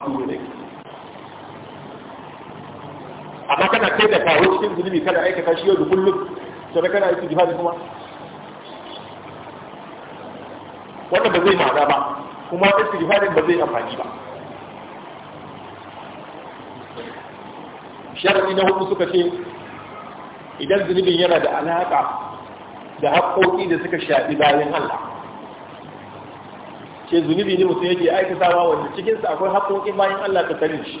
amma kana kai da kawo cikin zunubi kada aikata shi yau da kullum to da kana aikin jihadi kuma wannan ba zai ma'ana ba kuma aikin jihadin ba zai amfani ba sharadi na hudu suka ce idan zunubin yana da alaƙa da haƙoƙi da suka shafi bayan Allah ce zunubi ne mutum yake aiki sawa wanda cikinsa akwai haƙoƙin bayan Allah ta sani shi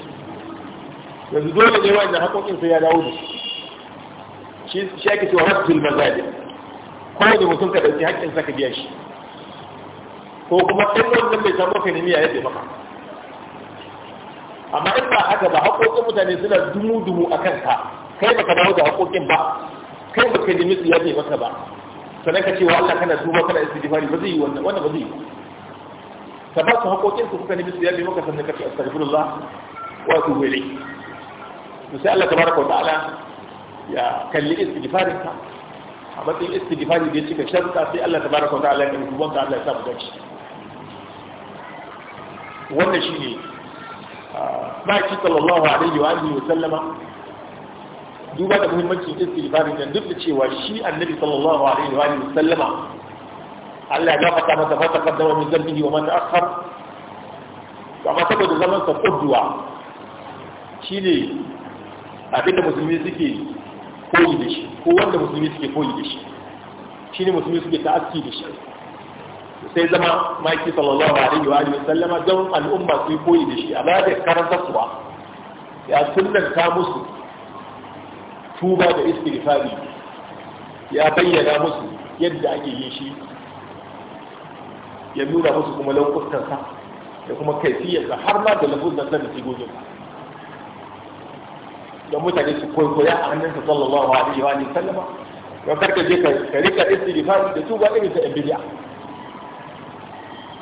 yanzu dole ne wanda haƙoƙin sai ya dawo da shi shi yake cewa rabbul mazali da mutum ka ɗauki haƙƙin sa ka biya shi ko kuma ɗan wannan bai samu ka nemi ya yadda maka amma in ba haka ba haƙoƙin mutane suna dumu-dumu a kanka kai baka dawo da haƙoƙin ba kai baka nemi su ya maka ba sannan ka ce wa Allah kana duba kana istighfari ba zai yi wannan wannan ba zai yi ka ba su haƙoƙin su kuka nemi su yalle maka sannan kace astaghfirullah wa atubu ilayhi to sai Allah tabaraka wa ta'ala ya kalli istighfarin ka a matsayin istighfari da ya cika sharuɗa sai Allah tabaraka wa ta'ala ya kalli duban ka Allah ya sa mu dace wannan shine baki sallallahu alaihi wa alihi wa sallama duba da muhimmancin istighfarin da duk da cewa shi annabi sallallahu alaihi wa alihi wa sallama Allah ya gafarta masa fa taqaddama min dhanbihi wa ma ta'akhkhar amma saboda zaman sa kudduwa shine abinda musulmi suke koyi da shi ko wanda musulmi suke koyi da shi shine musulmi suke ta'assi da shi sai zama maki sallallahu alaihi wa alihi sallama don al'umma su koyi da shi a bayan karanta suwa ya ta musu tuba da istighfari ya bayyana musu yadda ake yin shi ya nuna musu kuma lankustansa da kuma kaifiyarsa har ma da lankustansa da sigogin don mutane su koya a hannunsa sallallahu alaihi wa sallama don karka je ka rika istighfari da tuba irin ta bid'a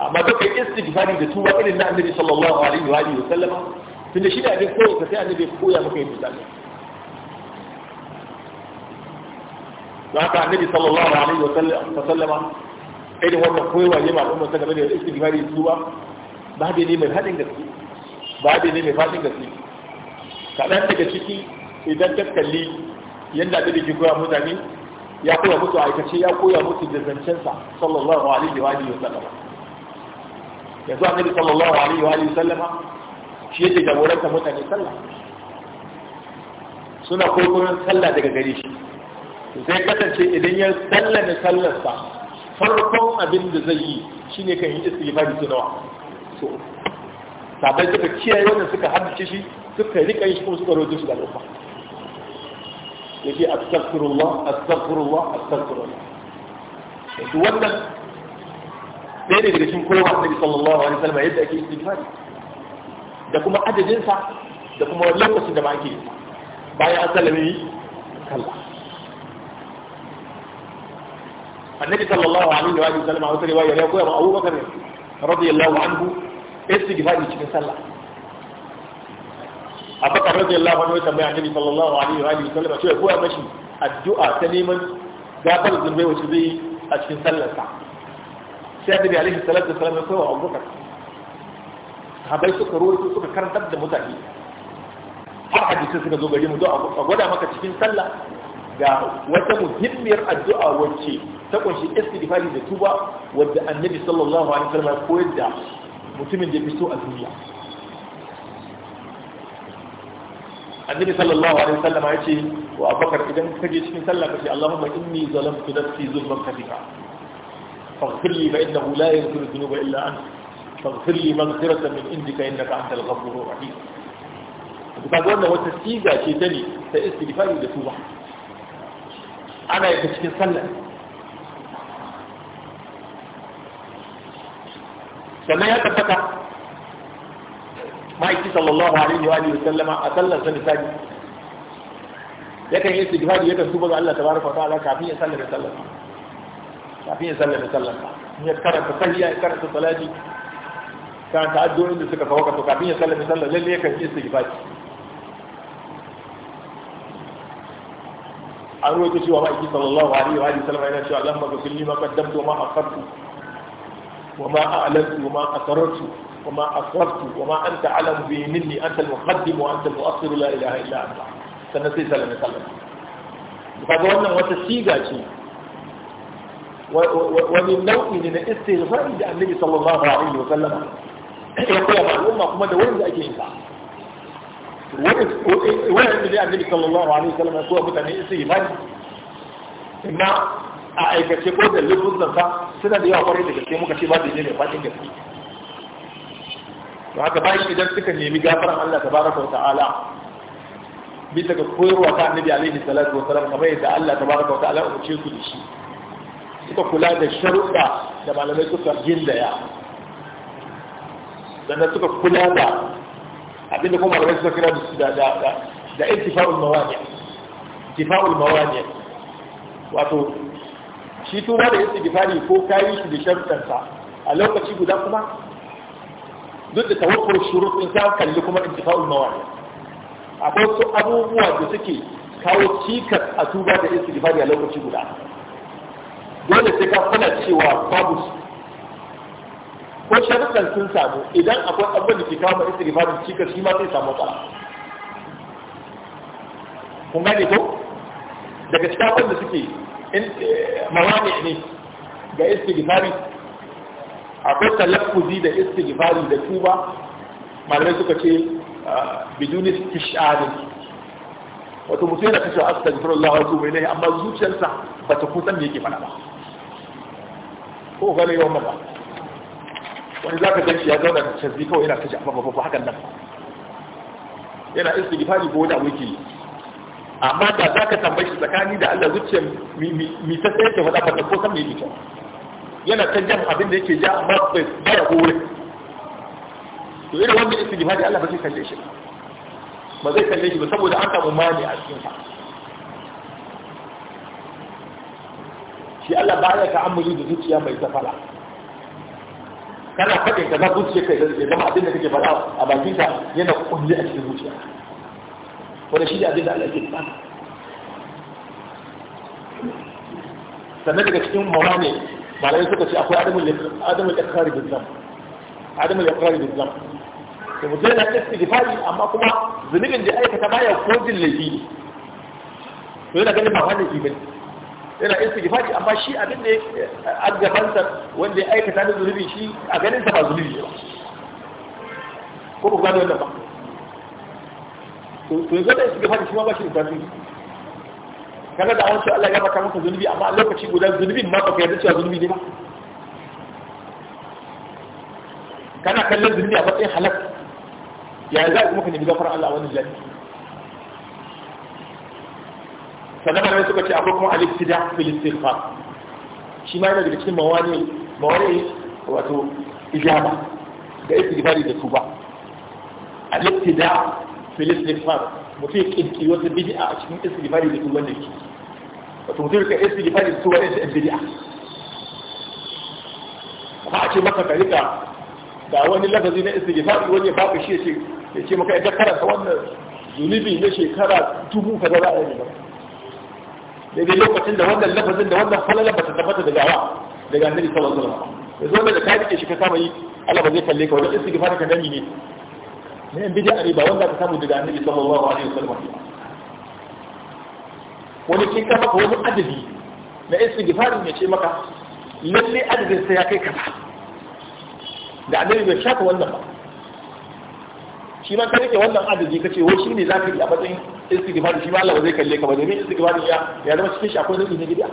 amma duk kai istighfari da tuba irin na annabi sallallahu alaihi wa sallama da shi da abin koyo ka sai annabi ya koya maka yin misali don haka annabi sallallahu alaihi wa sallama irin wannan koyewa ne masu masa game da istighfari su ba ba ne mai haɗin gaske ba ne mai faɗin gaske kaɗan daga ciki idan ka kalli yadda da ke koya mutane ya koya musu aikace ya koya musu da zancensa sallallahu alaihi wa alihi wasallama yanzu annabi sallallahu alaihi wa alihi shi yake jagoranta mutane sallah suna kwaikwayon sallah daga gare shi sai kasance idan ya da sallarsa farkon abin da zai yi shi ne kan yi istighfari su nawa so sabai suka kiyaye da suka haddace shi suka rika shi kuma suka rojo shi da al'umma yake astaghfirullah astaghfirullah astaghfirullah to wannan ɗaya ne daga cikin kowa annabi sallallahu alaihi wasallam yadda ake istighfari da kuma adadin sa da kuma lokacin da ba ake yi bayan an sallame kalla annabi sallallahu alaihi wa sallam a wata riwaya ya koya ma abubakar radiyallahu anhu istighfari cikin sallah a baka radiyallahu anhu ya tambaya annabi sallallahu alaihi wa sallam cewa koya mashi addu'a ta neman gafar zunubai wacce zai a cikin sallarsa sai annabi alaihi salatu wasallam ya koya wa abubakar sahabbai suka ruwaito suka karantar da mutane har hadisi suka zo gari mu don a gwada maka cikin sallah ga wata muhimmiyar addu'a wacce ta kunshi istighfari da tuba wadda annabi sallallahu alaihi wasallam ya koyar da mutumin da ya so a duniya annabi sallallahu alaihi wasallam ya ce wa abubakar idan ka je cikin sallah ka ce allahumma inni zalamtu nafsi zulman kathira faghfir li fa innahu la yaghfiru dhunuba illa anta faghfir li maghfiratan min indika innaka antal ghafurur rahim ka ga wannan wata siga ce ta ne ta istighfari da tuba ana yi ta cikin sallah sannan ya tabbata ma'aiki sallallahu alaihi wa sallama a sallar sa misali yakan yi istighfari yakan tuba ga Allah tabaraka wa ta'ala kafin ya sallar sallar kafin ya sallar sallar ya karanta sahiya ya karanta salati karanta addu'o'in da suka waka to kafin ya sallar sallar lalle ya yakan yi istighfari an roƙi cewa ma'aiki sallallahu alaihi wa sallam yana cewa Allah lamma ga kulli ma qaddamtu ma akhartu وما أعلنت وما أسررت وما أسررت وما أنت أعلم به مني أنت المقدم وأنت المؤثر لا إله إلا أنت سنسيس لم يسلم فهذا وانا وتسيقا شيء ومن نوع من الاستغفار النبي صلى الله عليه وسلم يقول مع الأمة كما دولي لأجي إنسان وين النبي صلى الله عليه وسلم يقول مثلا استغفار إما a aikace ko da lubuzansa suna da yawa kwarai da gaske muka ce ba da ne mai faɗin gaske to haka bayan idan suka nemi gafaran Allah tabaraka wa ta'ala bisa ga koyarwa ta annabi alaihi salatu wa salam kamar yadda Allah tabaraka wa ta'ala umarce su da shi suka kula da sharuɗa da malamai suka gindaya sannan suka kula da abinda kuma malamai suka kira da su da da intifa'ul mawani' intifa'ul mawani' wato shi ba da istighfari ko kayi shi da sharuɗansa a lokaci guda kuma duk da tawakkul shurut in ka kalli kuma intifa'ul mawani akwai su abubuwa da suke kawo cikas a tuba da istighfari a lokaci guda dole sai ka kula cewa babu ko sharuɗan sun samu idan akwai abubuwan da ke kawo istighfarin cikas shi ma sai samu matsala kun gane to daga cikin abin da suke Eh, mawani ne ga istighfari akwai talaffuzi da istighfari da tuba malamai suka ce ah, biduni istishari wato mutum yana kashe astaghfirullah wa tuba ilayhi amma zuciyarsa ba ta kusan da yake fada ba ko gane yawan mata wani za ka shi ya zauna da shazzi kawai yana kashe amma ba hakan nan yana istighfari ko wani abu yake yi amma da za ka tambayi shi tsakani da Allah zuciya mi ta sai ke faɗa fata ko san me yake yana ta jan abin da yake ja amma bai baya gore to irin wannan jihadi Allah ba zai kalle shi ba zai kalle shi ba saboda an samu mani a cikin sa shi Allah ba ya ta'ammuli da zuciya mai tafala. kana faɗin ka na zuciya kai da zama abin da kake faɗa a bakin sa yana kulle a cikin zuciya wanda shi ne abin da Allah ke bukata sannan daga cikin ne, malamai suka ce akwai adamu da kare da zam adamu da kare da zam da mutum yana istighfari amma kuma zunubin da aikata baya ko jin laifi ne to yana ganin ba wani laifi yana istighfari amma shi abin da a gabansa wanda ya aikata na zunubi shi a ganin sa ba zunubi ba ko ba gano wannan ba to yazo da istighfari shi ma ba shi da tasiri kaga da an ce Allah ya baka maka zunubi amma lokaci guda zunubin ma baka yarda cewa zunubi ne ba kana kallon zunubi a matsayin halak ya za kuma ka nemi gafarar Allah wani jari sannan malamai suka ce akwai kuma alistida fil istighfar shi ma yana daga cikin mawani mawani wato ijaba da istighfari da tuba alistida fil istighfar mutum ya kinki wata bidi'a a cikin istighfari da tuban da ke wata mutum ka istighfari da tuban da bid'a ba a ce maka ka rika da wani lafazi na istighfar wani ya baka shi ce ya ce maka idan karanta wannan zunubi na shekara dubu ka za a yi ba daidai lokacin da wannan lafazin da wannan falala ba ta tabbata daga wa daga annabi sallallahu alaihi wasallam yanzu wanda da ka rike shi ka kama yi Allah ba zai kalle ka wannan istighfar ka dani ne na yan bid'a ne ba wanda ka samu daga annabi sallallahu alaihi wasallam wani kin kafa wani adadi na gifarin ya ce maka lalle adadin sai ya kai kaza da annabi bai shaka wannan ba shi ma ka rike wannan adadi kace wai shi ne za ka yi a matsayin gifarin shi ma Allah ba zai kalle ka ba domin gifarin ya ya zama cikin shi akwai nau'i na bid'a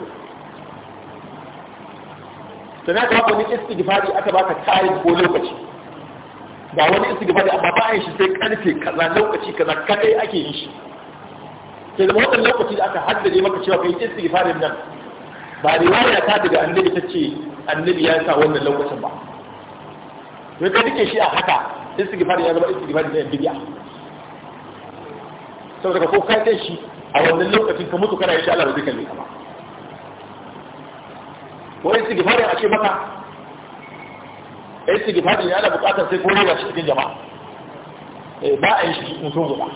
sannan ka wani istighfar aka baka tarihi ko lokaci Ba wani da amma ba shi sai karfe kaza lokaci kaza kadai ake yin shi sai da wannan lokaci da aka haddace maka cewa kai istighfarin nan ba riwaya ta daga annabi ta ce annabi ya sa wannan lokacin ba to ka dike shi a haka istighfari ya zama istighfari da bid'a saboda ko ka kai shi a wannan lokacin ka mutu kana insha Allah ba zai kalle ka ba wai istighfari a ce maka gifadin ya yana buƙatar sai kore ba shi cikin jama'a eh, ba a yi shi cikin sun guda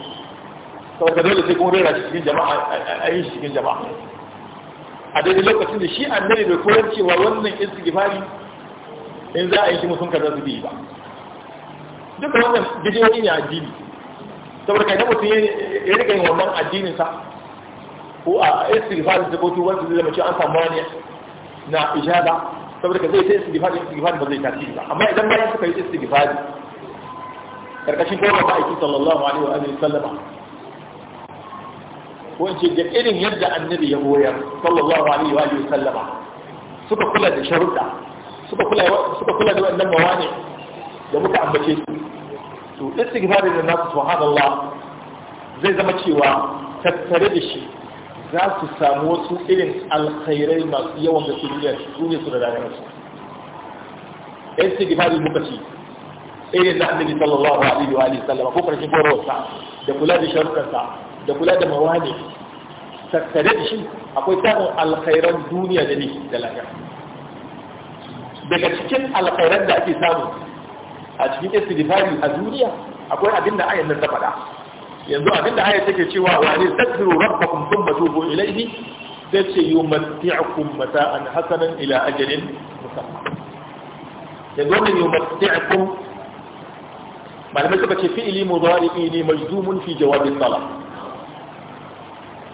saboda dole sai kun rera shi cikin jama'a a yi shi cikin jama'a a daidai lokacin da shi annabi bai koyar cewa wannan istighfari in za a yi shi musun kaza su bi ba Duk da wannan bidiyoyi ne addini saboda kai mutum ya rika yin wannan addinin sa ko a istighfari ta kotu wanda zai zama cewa an samu wani na ijaba saboda ka zai ta istighfari istighfari ba zai tasiri ba amma idan bayan suka yi istighfari karkashin kowa ba aiki sallallahu alaihi wa alihi sallama ko in ce da irin yadda annabi ya goyar sallallahu alaihi wa alihi sallama suka kula da sharuɗa suka kula suka kula da wannan mawani da muka ambace su to istighfari da nasu subhanallah zai zama cewa tattare da shi za su samu wasu irin alkhairai masu yawan da su duniya su ne su da ranar su yan su gifari muka ci irin da annabi sallallahu alaihi wa alihi sallama ko karshen korowarsa da kula da sharuɗarsa da kula da mawani tattare da shi akwai samun alkhairan duniya da ne da lafiya daga cikin alkhairan da ake samu a cikin istighfari a duniya akwai abin da ayyana ta faɗa yanzu abinda aya take cewa wani ne tadbiru rabbakum thumma tubu ilaihi, sai ce yumatti'ukum mata'an hasanan ila ajalin musamma yanzu wani wannan yumatti'ukum malamai suka ce fi'ili mudari'i ne majzumun fi jawabin talab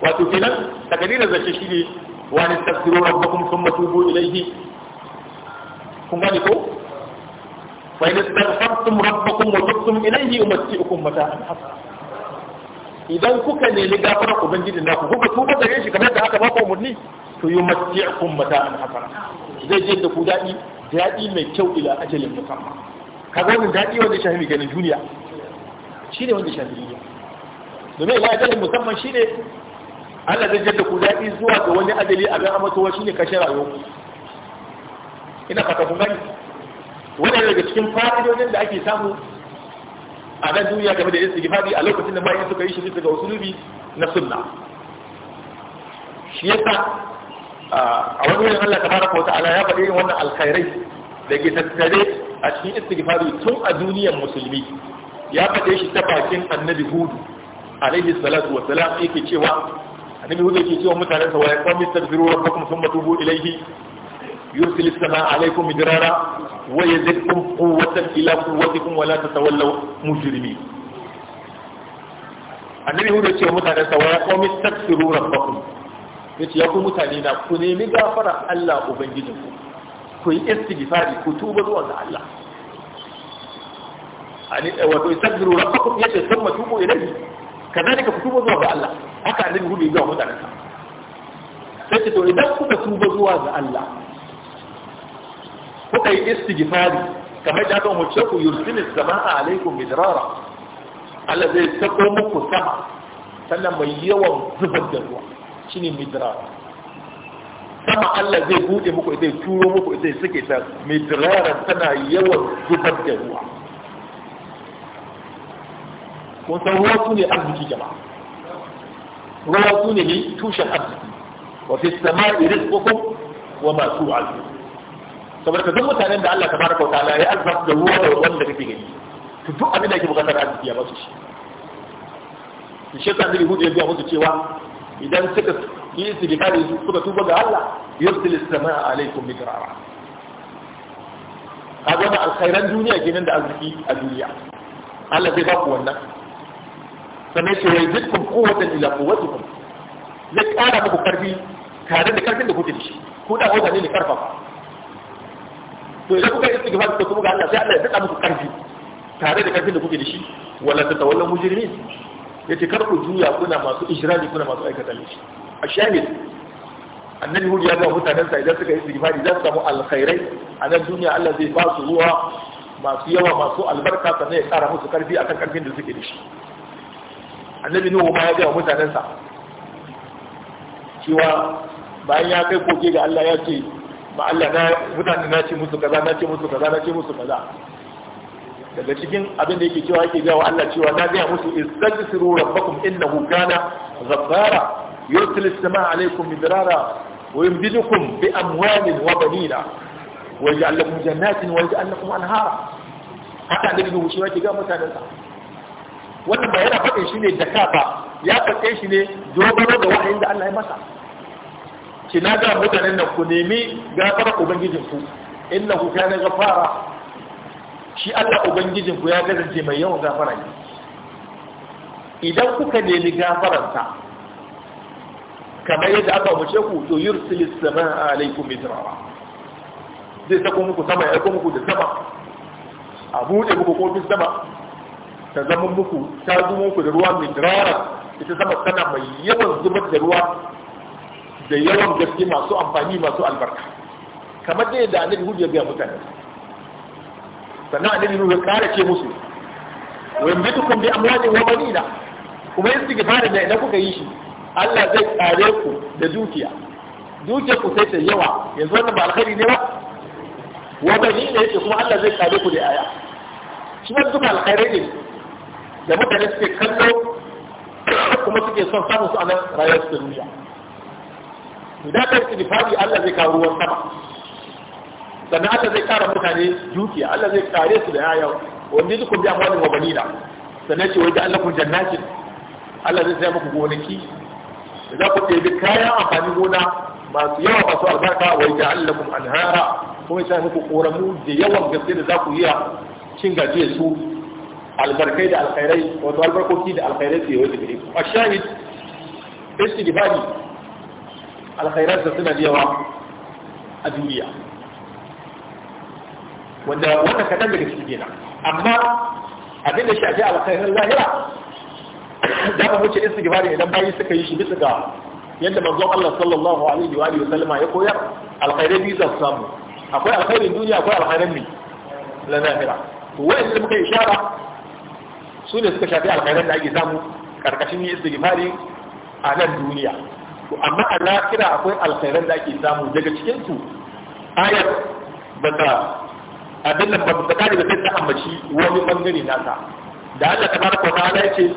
wato kenan takadirin zace shine wa ne tadbiru rabbakum thumma tubu ilaihi, kun gani ko fa in astaghfartum rabbakum wa tubtum ilayhi yumatti'ukum mata'an hasanan idan kuka nemi gafara na ku, kuka tuba gare shi kamar da aka ba ku umurni to mata an hasara zai je da ku daɗi daɗi mai kyau ila ajalin musamman ga wannan daɗi wanda shafi mai ganin duniya ne wanda shafi duniya domin ila ajalin musamman ne. Allah zai je da ku daɗi zuwa ga wani adali a ga amatowa ne kashe rayuwa ina fata kun gani wannan daga cikin fa'idodin da ake samu a nan duniya game da istighfari a lokacin da bayan suka yi shi bisa ga usulubi na sunna shi yasa a wani wurin Allah tabaraka wa ta'ala ya faɗi yin wannan alkhairai da ke tattare a cikin istighfari tun a duniyar musulmi ya faɗe shi ta bakin annabi hudu alaihi salatu wa salam yake cewa annabi hudu yake cewa mutanen sa wa yaqum yastaghfiru rabbakum thumma tubu ilayhi يرسل السماء عليكم مدرارا ويزدكم قوة إلى قوتكم ولا تتولوا مجرمين annabi hudu ce mutanen sa waya qawmi taksiru rabbakum yace ya ku mutane na ku nemi gafara Allah ubangijinku ku yi istighfari ku tuba zuwa ga Allah ani wato istaghfiru rabbakum yace thumma tubu ilayhi kadalika ku tuba zuwa ga Allah haka annabi hudu ya ga mutanen sa sai ce to idan kuka tuba zuwa ga Allah kuka yi istighfari kamar da kan huce ku yursilis sama'a alaikum midrara Allah zai sako muku sama sannan mai yawan zubar da ruwa shine midrara sama Allah zai bude muku zai turo muku zai suke ta midrara tana yawan zubar da ruwa kun san ruwa su ne arziki jama'a ruwa su ne tushen arziki wa fi sama'i rizqukum wa ma tu'adun ka duk mutanen da Allah tabaraka wa na ya azabta da ruwa wanda kake gani to duk abin da yake bukatar arziki ya ba su shi to shi yasa Annabi Hudu ya ga musu cewa idan suka yi su suka tuba ga Allah yursil as-samaa alaikum midrara kaga da alkhairan duniya kenan da arziki a duniya Allah zai ba ku wannan sannan shi wai zikkum quwwatan ila quwwatikum zai kara muku karfi tare da karfin da kuke da shi ko da wata ne ne karfafa to idan kuka yi istighfar ku kuma ga Allah sai Allah ya saka muku karfi tare da karfin da kuke da shi wala ta tawallan mujrimin yace kar ku juya kuna masu ijrami kuna masu aikata laifi a shahid annabi hudu ya ga mutanen sa idan suka yi istighfari za su samu alkhairai a nan duniya Allah zai ba su ruwa masu yawa masu albarka sannan ya kara musu karfi akan karfin da suke da shi annabi nuhu ma ya ga mutanen sa cewa bayan ya kai koke ga Allah ya ce ba Allah na mutane na ce musu kaza na ce musu kaza na ce musu kaza daga cikin abin da yake cewa yake ga wa Allah cewa na ga musu istaghfiru rabbakum innahu kana ghaffara yursil as-samaa alaykum midrara wa yumdidukum bi amwalin wa banina wa yaj'al lakum jannatin wa yaj'al lakum anhara haka da yake cewa yake ga mutanen sa wannan ba yana faɗin shi ne da kafa ya faɗe shi ne dogaro ga wahayin da Allah ya masa ki na ga mutanen nan ku nemi gafara ubangijin ku innahu kana ghafara shi Allah ubangijin ku ya kasance mai yawan gafara ne idan kuka nemi ta kamar yadda aka umarce ku to yursilis samaa alaikum midrara zai sako muku sama ya muku da sama a buɗe muku kofi sama ta zama muku ta zama muku da ruwa midrara ita sama tana mai yawan zubar da ruwa da yawan gaske masu amfani masu albarka kamar dai da yadda annabi hudu ya biya mutane sannan annabi nuhu ya kara ce musu wa yambidukum bi amwalin wa banina kuma istighfarin da idan kuka yi shi Allah zai kare ku da dukiya dukiya ku sai ta yawa yanzu wannan ba alkhairi ne ba wa banina yake kuma Allah zai kare ku da yaya shi wannan duka alkhairi ne da mutane suke kallo kuma suke son samun su a nan rayuwar su duniya da ka istighfari Allah zai kawo ruwan sama sannan Allah zai kara mutane dukiya Allah zai kare su da yaya wanda duk kun bi amwalin wa banina sannan ce wai da Allah kun jannakin? Allah zai saya muku gonaki da za ku ɗebi kayan amfanin gona masu yawa masu albarka wai da Allah kun anhara kuma ya sa muku koramu da yawan gaske da za ku iya cin gajiyar su albarkai da alkhairai wato albarkoki da alkhairai su yi wata gare ku a shahid istighfari Alkhairarsa suna da yawa a duniya wanda wanda kaɗan daga cikin kenan amma abin da shafi alkhairar lahira da ba wuce istighfari idan bayi suka yi shi bisa ga yadda manzon Allah sallallahu alaihi wa alihi sallama ya koyar alkhairai biyu za su samu akwai alkhairin duniya akwai alkhairin ne na lahira to wa'in da muka ishara su ne suka shafi alkhairan da ake samu karkashin yin istighfari a nan duniya to amma a lafira akwai alkhairan da ake samu daga cikin su ayar bata abin nan ba ta kare da sai ta ambaci wani bangare nasa da Allah tabaraka wa ta'ala yace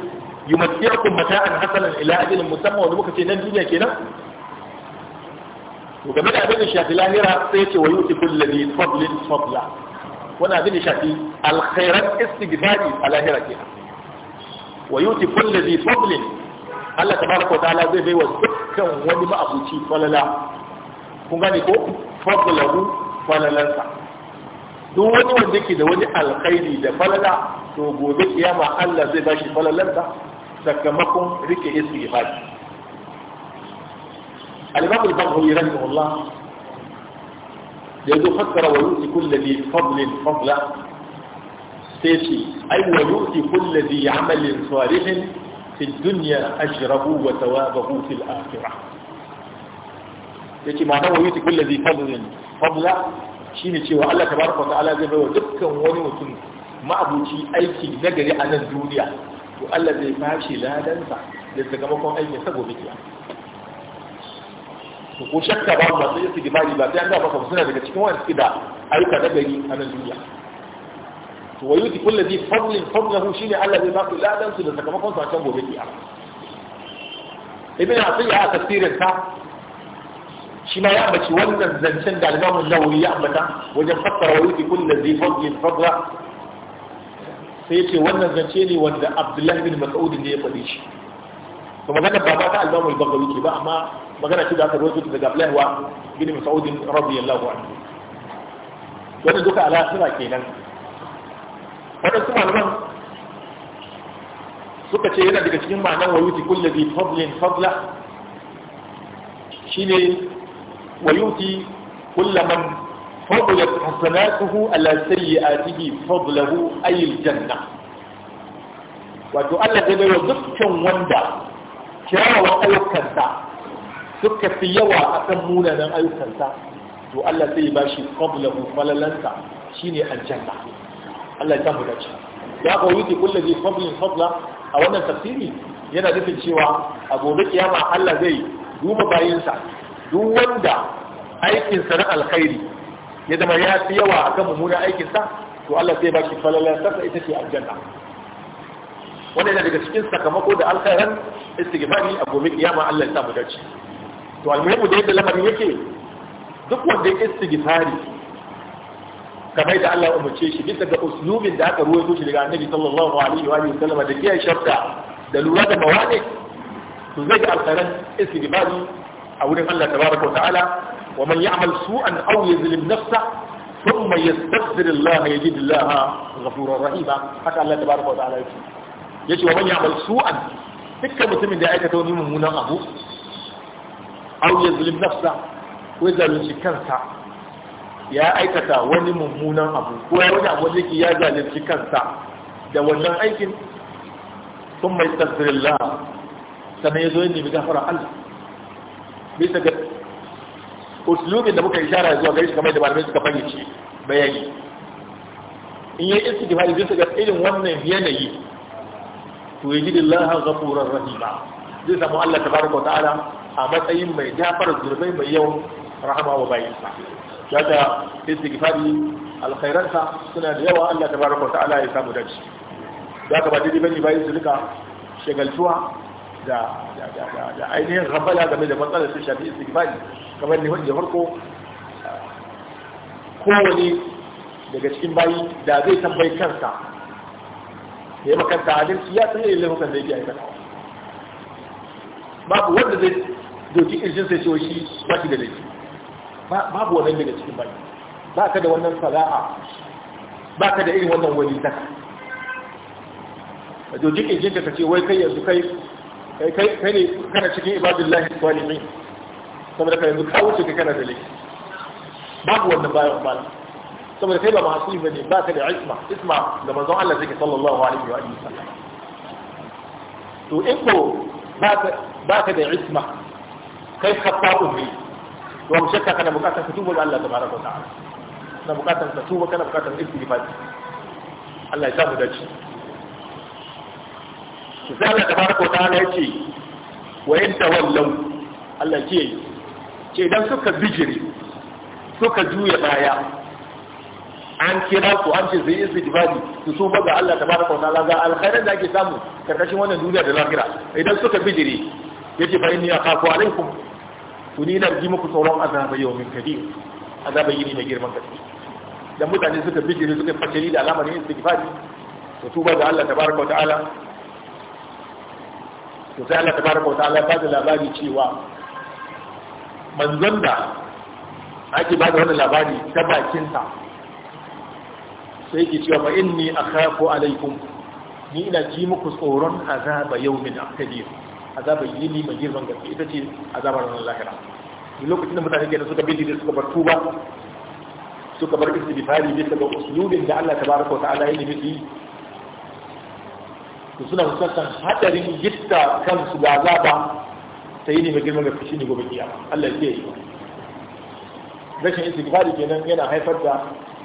yumatiyakum mata'an hasanan ila ajalin musamman wanda muka ce nan duniya kenan to game da abin da shafi lahira sai yace wa yuti kulli fadlin fadla wannan abin da shafi alkhairat istighfari a lahira kenan wa yuti kulli fadlin Allah tabaraka wa ta'ala zai bai wa dukkan wani ma'abuci falala kun gane ko fadlahu falalansa duk wani wanda yake da wani alkhairi da falala to gobe kiyama Allah zai bashi falalansa sakamakon rike istighfar al-imam al-bukhari rahimahullah yanzu fassara wa yuti kulli fadlin fadla sai ce ai wa yuti kulli amalin salihin في الدنيا أجره وثوابه في الآخرة yake ma'ana wa yuti kulli zai fadlin fadla shine cewa Allah tabaraka wa ta'ala zai baiwa dukkan wani mutum ma'abuci aiki na gari a nan duniya to Allah zai bashi ladansa da sakamakon aikin sa gobe kiya to ko shakka ba masu yake gibari ba sai an ga baka suna daga cikin wani suke da aika na gari a nan duniya to wayu ti kullu bi fadlin fadlahu shine Allah zai ba ladan su da sakamakon su a can gobe kiyama ibn asir ya tafsirin ta shi ma ya ambaci wannan zancen da al-Imam an-Nawawi ya ambata wajen fassara wayu ti kullu bi fadlin fadla sai ce wannan zance ne wanda Abdullahi bin Mas'ud ne ya faɗi shi to magana ba ta al-Imam al-Bukhari ke ba amma magana ce da aka rawaito daga Abdullah wa bin Mas'ud radiyallahu anhu wannan duka ala suna kenan waɗansu malaman suka ce yana daga cikin ma'anar wa yuti kulle bi fadlin fadla shine wa yuti kulle man fadlat hasanatuhu ala sayyi'atihi fadlahu ay aljanna wato Allah zai bai dukkan wanda kyawawan ayyukansa suka fi yawa akan munanan ayyukansa to Allah zai ba shi fadlahu falalansa shine aljanna Allah ya samu dace ya ko yuti kullu bi fadlin fadla a wannan tafsiri yana nufin cewa a gobe kiyama Allah zai duba bayinsa duk wanda aikinsa na alkhairi ya zama ya fi yawa akan mummunan aikinsa to Allah zai baki falalar sa ita ce aljanna wannan yana daga cikin sakamako da alkhairan istighfari a gobe kiyama Allah ya samu dace to almuhimu da yadda lamarin yake duk wanda ya istighfari kamar da Allah umarce shi bisa ga uslubin da aka ruwaito shi daga Annabi sallallahu alaihi wa sallam da kiyaye sharta da lura da mawani to zai ga alkhairan istighfari a wurin Allah tabaraka wa ta'ala wa man ya'mal su'an aw yuzlim nafsa thumma yastaghfir Allah yajid Allah ghafurur rahima haka Allah tabaraka wa ta'ala yake yace wa man ya'mal su'an dukkan mutumin da aikata wani mummunan abu aw yuzlim nafsa ko zalunci kansa ya aikata wani mummunan abu ko ya wani abu yake ya zalunci kansa da wannan aikin sun mai la sannan ya zo ya nemi gafara Allah bisa ga usulubin da muka ishara zuwa gari kamar da malamai suka fahimci bayani in yi gifari bisa ga irin wannan yanayi to yi gidi laha ghafurar rahima zai samu Allah tabaraka ta'ala a matsayin mai gafar zurbai mai yawan rahama wa bayinsa shaka istighfari ka suna da yawa Allah tabaraka wa ta'ala ya samu dace da ba daidai bane bai su duka shagaltuwa da da ainihin rabala game da matsalar su shafi istighfari kamar ne wanda farko kowane daga cikin bayi da zai tambayi kansa ya yi makanta adalci ya san irin laifukan da yake aikata babu wanda zai doki irjin sai ce shi ba shi da laifi babu wannan daga cikin baki ba ka da wannan sana'a ba ka da irin wannan wani taka a jojin injinka ka ce wai kai yanzu kai kai ne kana cikin ibadun lahi salihin saboda ka yanzu ka wuce ka kana da laifi babu wannan bayan ba saboda kai ba masu ba ne ba ka da isma isma da manzon Allah zai sallallahu alaihi wa sallam to in ko ba ka da isma kai khatta'un umri. wa mu shakka kana bukatar ka tuba ga Allah tabaraka wa ta'ala kana bukatar ka tuba kana bukatar istighfar Allah ya samu dace shi sai Allah tabaraka wa ta'ala yace wa in tawallaw Allah ce ce dan suka bijiri suka juya baya an kira ku an ce zai istighfari su su ga Allah tabaraka wa ta'ala ga alkhairin da ake samu karkashin wannan duniya da lahira idan suka bijiri yace fa inni akhafu alaikum to ni na ji muku tsoron azaba yau min kadir azaba yini mai girman gaske dan mutane suka bi bijire suka fatali da alamar yin istighfari to tuba ga Allah tabaraka wa ta'ala to sai Allah tabaraka wa ta'ala ba da labari cewa manzon da ake ba da wannan labari ta bakinsa sai ki cewa fa inni akhafu alaikum ni ina ji muku tsoron azaba min akadir azabar yini mai girman gaske ita ce azabar ranar lahira lokacin da mutane kenan suka bi da suka bar tuba suka bar bifari bisa ga usulubin da Allah tabaraka wa ta'ala ya yi to suna fuskantar hadarin gitta kansu ga azaba ta yi ne mai girman gaske shine gobe kiyama Allah ya yi rashin istighfari kenan yana haifar da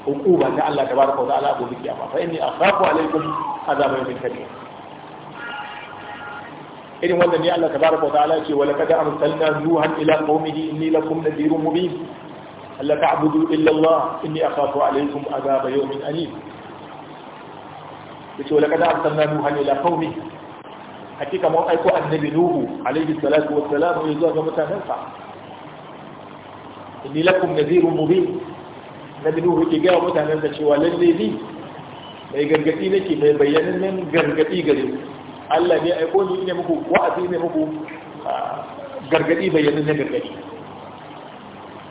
hukuma ta Allah tabaraka wa ta'ala gobe kiyama fa inni akhafu alaikum azaba yawmin kabir irin wannan ne Allah tabaraka wa ta'ala ce wa laqad arsalna nuhan ila qaumihi inni lakum nadhirun mubin alla ta'budu illa Allah inni akhafu alaykum adhab yawmin alim yace wa laqad arsalna nuhan ila qaumihi hakika mun aiko annabi nuhu alayhi salatu wa salam ya zuwa ga mutanensa inni lakum nadhirun mubin nabi nuhu ke ga mutanensa cewa lalle ni mai gargadi nake mai bayanan gargadi gare ku Allah ne aiko ni ne muku wa'azi ne muku ah, gargadi bayanin na gargadi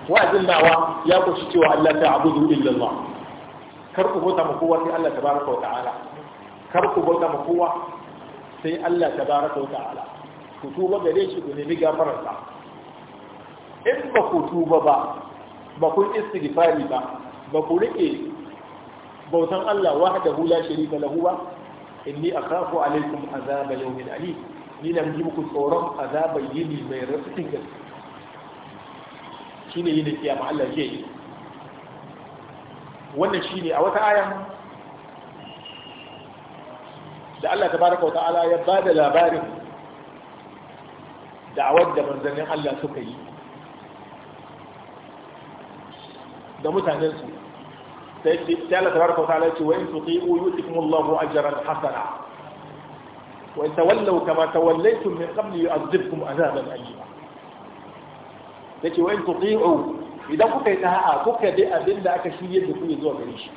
wa'azin nawa ya kushi cewa Allah ta abudu illallah kar ku bauta ma kowa sai Allah tabaraka wa ta'ala kar ku bauta ma kowa sai Allah tabaraka wa ta'ala ku tuba gare shi ku nemi gafararsa in ba ku tuba ba ba ku istighfari ba ba ku rike bautan Allah wahdahu la sharika lahu ba inni akhafu alaikum azaba yawmin alim ni na ji muku tsoron azabar yini mai rasin gaske shine yini kiyama Allah zai yi wannan shine a wata ayan da Allah tabaraka wa ta'ala ya bada labarin da'awar da manzannin Allah suka yi da mutanensu sai sai Allah tabaraka ta'ala ya ce wa in tuti'u yu'tikum Allahu ajran hasana wa in tawallaw kama tawallaytum min qabli yu'adhibkum azaban alima yace wa kuka yi ta'a kuka dai abin da aka shirye da ku yi gare shi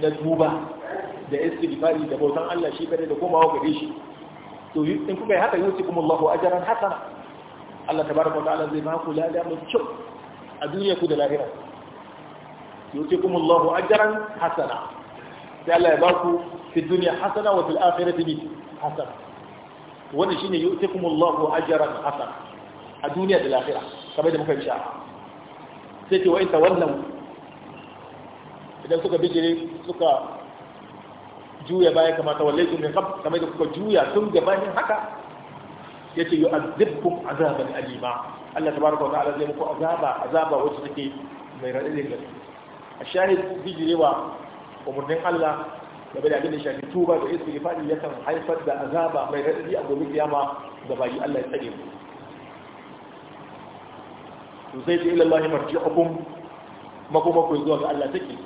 na tuba da istighfari da bautan Allah shi kare da komawa gare to in kuka yi haka yusikum Allahu ajran hasana Allah tabaraka wa ta'ala a duniya ku da lahira يؤتكم الله أجرا حسنا تعالى يباكو في الدنيا حسنة وفي الآخرة به حسنة ونشين يؤتكم الله أجرا حسنا الدنيا الآخرة كما يدمك إن شاء سيتي وإن تولوا idan suka bijire suka juya baya kamata wallai min qab kamar da kuka juya tun gabanin haka yace yu'adhibkum azaban alima Allah tabaraka wa ta'ala zai muku azaba azaba wacce take mai radadi gaske a shahid bijirewa umarnin Allah game da abin da shafi tuba da istighfari yakan haifar da azaba mai radadi a gobe kiyama ga bayi Allah ya tsare mu to sai ta ilallahi marji'ukum makoma ku zuwa ga Allah take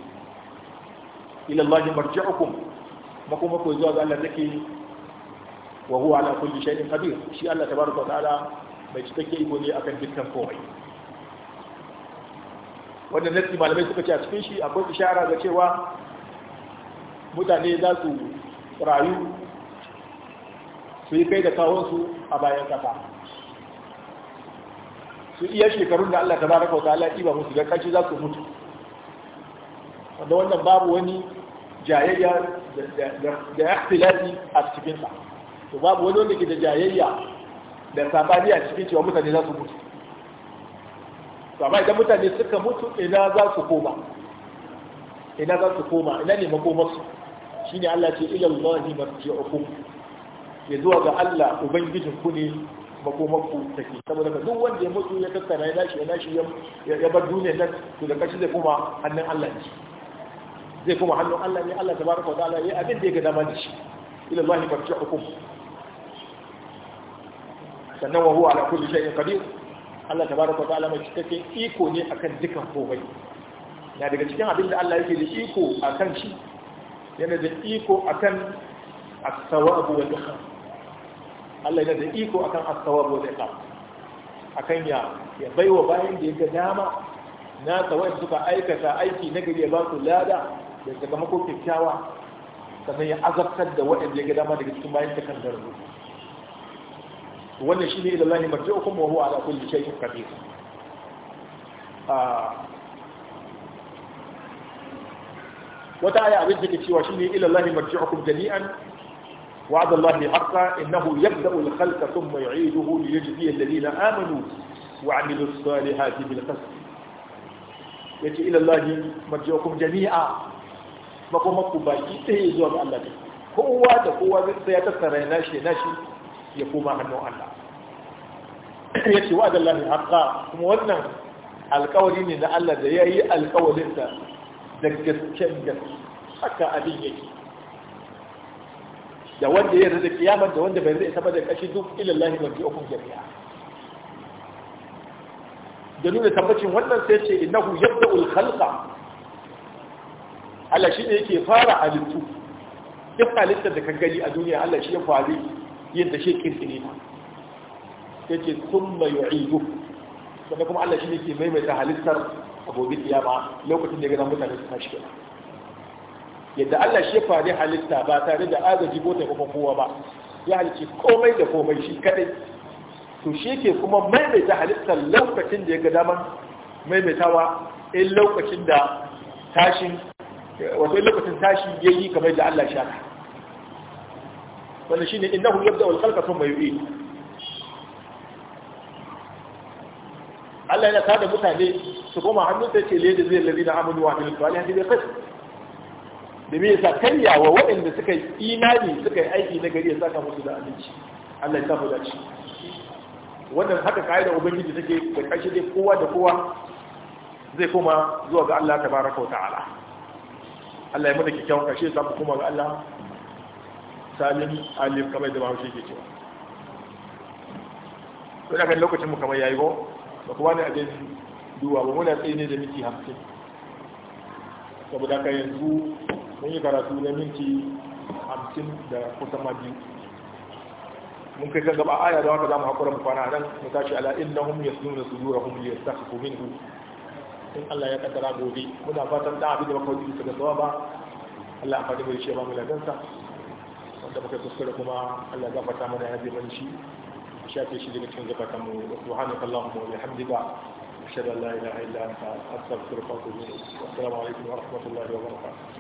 ilallahi marji'ukum makoma ku zuwa ga Allah take wa huwa ala kulli shi Allah tabaraka wa ta'ala mai cikakke iko ne akan dukkan komai wanda nasi malamai suka ce a cikin shi akwai ishara ga cewa mutane za su rayu su yi kai da kawonsu a bayan kafa. su iya shekarun da Allah ta ba raka wa ta'ala ba musu da za su mutu wanda wannan babu wani jayayya da ikhtilafi a cikin to babu wani wanda ke da jayayya da sabani a cikin cewa mutane za su mutu to amma idan mutane suka mutu ina za su koma ina za su koma ina ne makomarsu ne Allah ce ila Allahi marji'ukum ya zuwa ga Allah ubangijin ku ne makomarku take saboda duk wanda ya mutu ya tattara ya lashi ya lashi ya bar duniya nan to da kashi zai koma hannun Allah ne zai koma hannun Allah ne Allah tabaraka wa ta'ala ya abin da ya ga dama da shi ila Allahi marji'ukum sannan wa huwa ala kulli shay'in qadir Allah tabaraka ta'ala mai cikakken iko ne akan dukan komai na daga cikin abin da Allah yake da iko akan shi yana da iko akan as sawabu wa dukha Allah yana da iko akan as sawabu wa dukha akan ya ya baiwa bayan da yake dama na tsawon suka aikata aiki na gari ya ba su lada da zama kyakkyawa sannan ya azabtar da waɗanda ya ga dama daga cikin bayan ta kan darbu wannan shi ne lallahi marjo kuma huwa ala kulli shay'in qadir ah wata aya abin da ke cewa shine ila lahi marji'ukum jami'an wa ada lahi haqqa innahu yabda'u al-khalqa thumma yu'iduhu li yajzi alladhina amanu wa 'amilu as-salihati bil qasd ila lahi marji'ukum jami'a ba ku baki sai zuwa Allah kowa da kowa zai tsaya ta tsare nashi nashi ya koma hannun Allah ya ce wa da lafi haka kuma wannan alkawari ne na Allah da ya yi alkawarinsa da gasken gaske haka abin yake da wanda ya rada kiyamar da wanda bai zai saba da kashi duk ilallahi wa bi ukun jami'a da nuna tabbacin wannan sai ce innahu yabda'ul khalqa Allah shi ne yake fara halittu duk halittar da ka gani a duniya Allah shi ya fare yadda shi kirkire ta ya ce sun mai yu'idu sannan kuma Allah shi ne ke maimaita halittar abobin kiyama lokacin da ya gana mutane su tashi kenan yadda Allah shi ya halitta ba tare da agaji ko taimakon kowa ba ya halicci komai da komai shi kadai to shi ke kuma maimaita halittar lokacin da ya ga daman maimaitawa in lokacin da tashin wato lokacin tashi ya yi kamar da Allah shaka wannan shine innahu yabda'u al-khalqa mai yi Allah yana tada mutane su goma hannun sai ce le da zai lalina amanu wa amilin tuwali hadin kai da me yasa karya wa waɗanda suka yi imani suka yi aiki na gari ya saka musu da abinci Allah ya sa mu dace wannan haka kaida ubangiji take da kashi dai kowa da kowa zai koma zuwa ga Allah tabaraka wa ta'ala Allah ya mana kikkiawan kashi ya samu koma ga Allah salim alif kamar da bahaushe ke cewa to da kan lokacin mu kamar yayi go ba kuma ne a dai duwa ba muna tsaye ne da miki 50 saboda ka yanzu mun yi karatu na minti 50 da kusan ma biyu mun kai kan gaba aya da haka zamu hakura mu kwana nan mu tashi ala innahum yasnuna sudurahum liyastakhfu minhu in Allah ya kaddara gobe muna fatan da abin da baka da daga sawaba Allah ya fadi bai ce ba mu ladansa wanda muka kuskure kuma Allah ya gafarta mana ya bi manci shafe shi daga cikin zakatan mu subhanaka allahumma wa bihamdika ashhadu an la ilaha illa anta astaghfiruka wa atubu ilayk assalamu alaikum wa rahmatullahi wa barakatuh